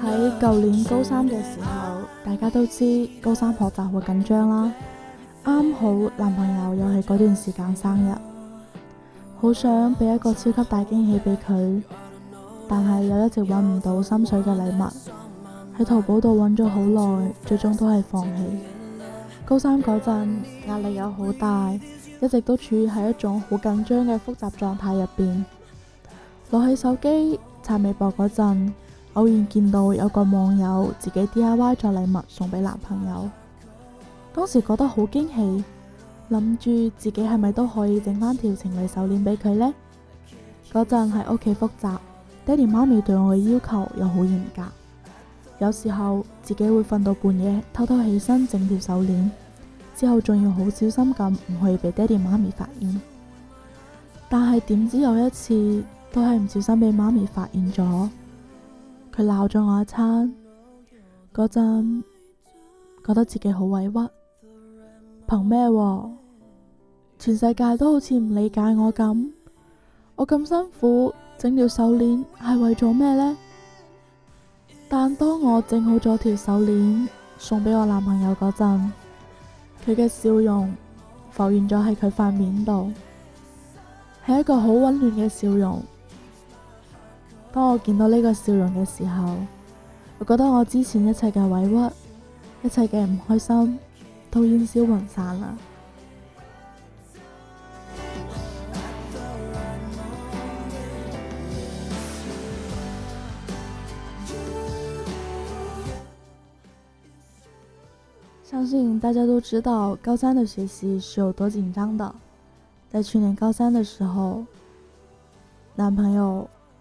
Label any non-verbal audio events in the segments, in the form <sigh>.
喺舊年高三嘅時候，大家都知高三學習會緊張啦。啱好男朋友又係嗰段時間生日，好想俾一個超級大驚喜俾佢，但係又一直揾唔到心水嘅禮物。喺淘寶度揾咗好耐，最終都係放棄。高三嗰陣壓力又好大，一直都處於喺一種好緊張嘅複雜狀態入邊，攞起手機。刷微博嗰陣，偶然見到有個網友自己 DIY 咗禮物送俾男朋友，當時覺得好驚喜，諗住自己係咪都可以整翻條情侶手鏈俾佢呢？嗰陣喺屋企複習，爹哋媽咪對我嘅要求又好嚴格，有時候自己會瞓到半夜偷偷起身整條手鏈，之後仲要好小心咁唔可以俾爹哋媽咪發現。但係點知有一次。都係唔小心畀媽咪發現咗，佢鬧咗我一餐嗰陣，那覺得自己好委屈。憑咩？全世界都好似唔理解我咁，我咁辛苦整條手鏈係為咗咩呢？但當我整好咗條手鏈送畀我男朋友嗰陣，佢嘅笑容浮現咗喺佢塊面度，係一個好溫暖嘅笑容。當我見到呢個笑容嘅時候，我覺得我之前一切嘅委屈、一切嘅唔開心都煙消雲散啦 <music> 相信大家都知道高三嘅學習是有多緊張嘅，在去年高三嘅時候，男朋友，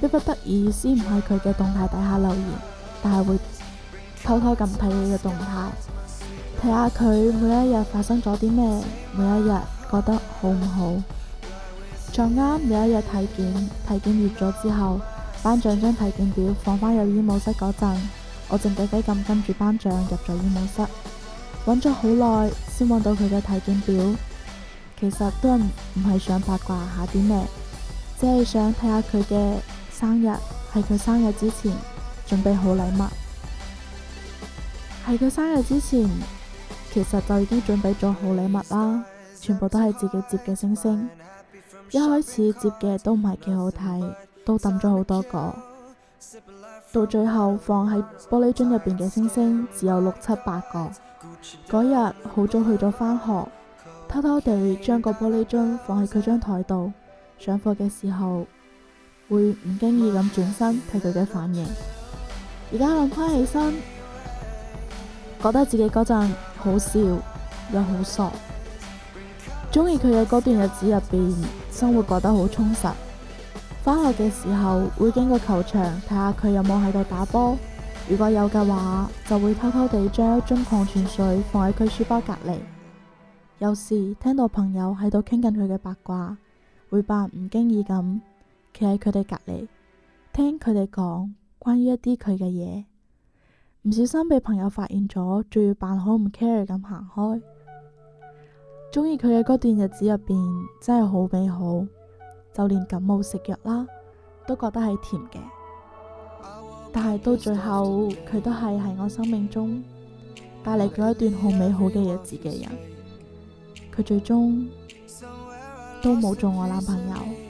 逼不得已先唔喺佢嘅動態底下留言，但係會偷偷咁睇佢嘅動態，睇下佢每一日發生咗啲咩，每一日過得好唔好。撞啱，有一日體檢，體檢完咗之後，班長將體檢表放翻入醫務室嗰陣，我靜雞雞咁跟住班長入咗醫務室，揾咗好耐先揾到佢嘅體檢表。其實都唔唔係想八卦下啲咩，只係想睇下佢嘅。生日，係佢生日之前準備好禮物，係佢生日之前其實就已經準備咗好禮物啦，全部都係自己折嘅星星。一開始折嘅都唔係幾好睇，都抌咗好多個，到最後放喺玻璃樽入邊嘅星星只有六七八個。嗰日好早去咗返學，偷偷哋將個玻璃樽放喺佢張台度，上課嘅時候。會唔經意咁轉身睇佢嘅反應。而家諗翻起身，覺得自己嗰陣好笑又好傻，鍾意佢嘅嗰段日子入邊，生活過得好充實。返學嘅時候會經過球場睇下佢有冇喺度打波，如果有嘅話，就會偷偷地將一樽礦泉水放喺佢書包隔籬。有時聽到朋友喺度傾緊佢嘅八卦，會扮唔經意咁。企喺佢哋隔籬，聽佢哋講關於一啲佢嘅嘢，唔小心俾朋友發現咗，仲要扮好唔 care 咁行開。鍾意佢嘅嗰段日子入邊，真係好美好，就連感冒食藥啦，都覺得係甜嘅。但係到最後，佢都係喺我生命中帶嚟嗰一段好美好嘅日子嘅人，佢最終都冇做我男朋友。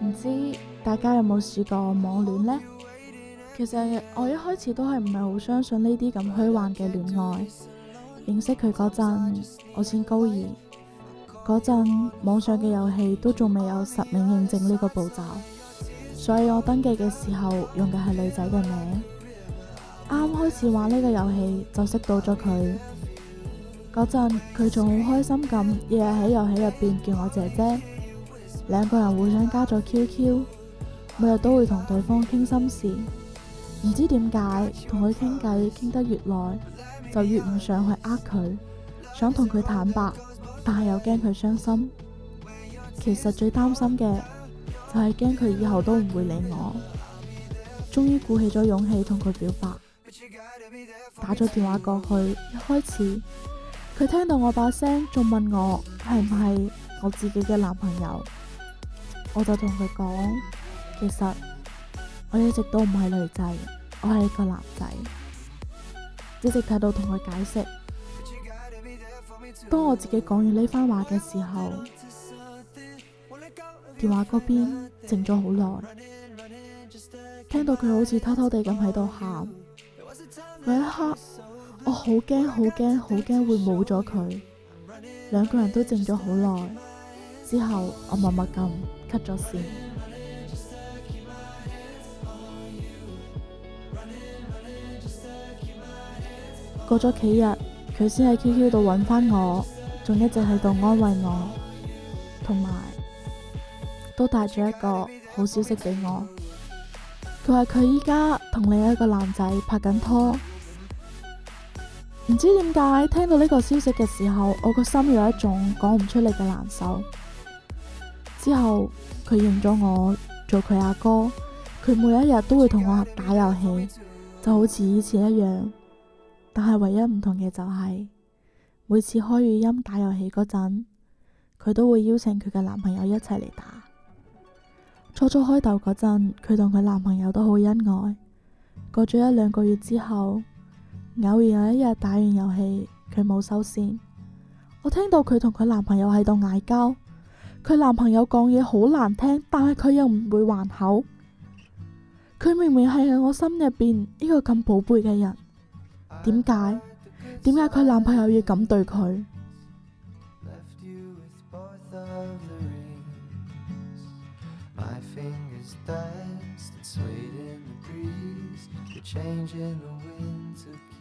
唔知大家有冇試過網戀呢？其實我一開始都係唔係好相信呢啲咁虛幻嘅戀愛。認識佢嗰陣，我先高二，嗰陣網上嘅遊戲都仲未有實名認證呢個步驟，所以我登記嘅時候用嘅係女仔嘅名。啱開始玩呢個遊戲就識到咗佢。嗰陣佢仲好開心咁，日日喺遊戲入邊叫我姐姐。兩個人互相加咗 QQ，每日都會同對方傾心事。唔知點解同佢傾偈傾得越耐，就越唔想去呃佢，想同佢坦白，但係又驚佢傷心。其實最擔心嘅就係驚佢以後都唔會理我。終於鼓起咗勇氣同佢表白，打咗電話過去，一開始。佢聽到我把聲，仲問我係唔係我自己嘅男朋友，我就同佢講，其實我一直都唔係女仔，我係一個男仔，一直喺度同佢解釋。當我自己講完呢番話嘅時候，電話嗰邊靜咗好耐，聽到佢好似偷偷地咁喺度喊，嗰一刻。我好驚，好驚，好驚會冇咗佢。兩個人都靜咗好耐，之後我默默咁 cut 咗線。過咗幾日，佢先喺 QQ 度搵翻我，仲一直喺度安慰我，同埋都帶咗一個好消息俾我。佢話佢而家同另一個男仔拍緊拖。唔知點解聽到呢個消息嘅時候，我個心有一種講唔出嚟嘅難受。之後佢認咗我做佢阿哥，哥，佢每一日都會同我打遊戲，就好似以前一樣。但係唯一唔同嘅就係、是，每次開語音打遊戲嗰陣，佢都會邀請佢嘅男朋友一齊嚟打。初初開頭嗰陣，佢同佢男朋友都好恩愛。過咗一兩個月之後。偶然有一日打完遊戲，佢冇收線，我聽到佢同佢男朋友喺度嗌交，佢男朋友講嘢好難聽，但係佢又唔會還口，佢明明係喺我心入邊呢個咁寶貝嘅人，點解？點解佢男朋友要咁對佢？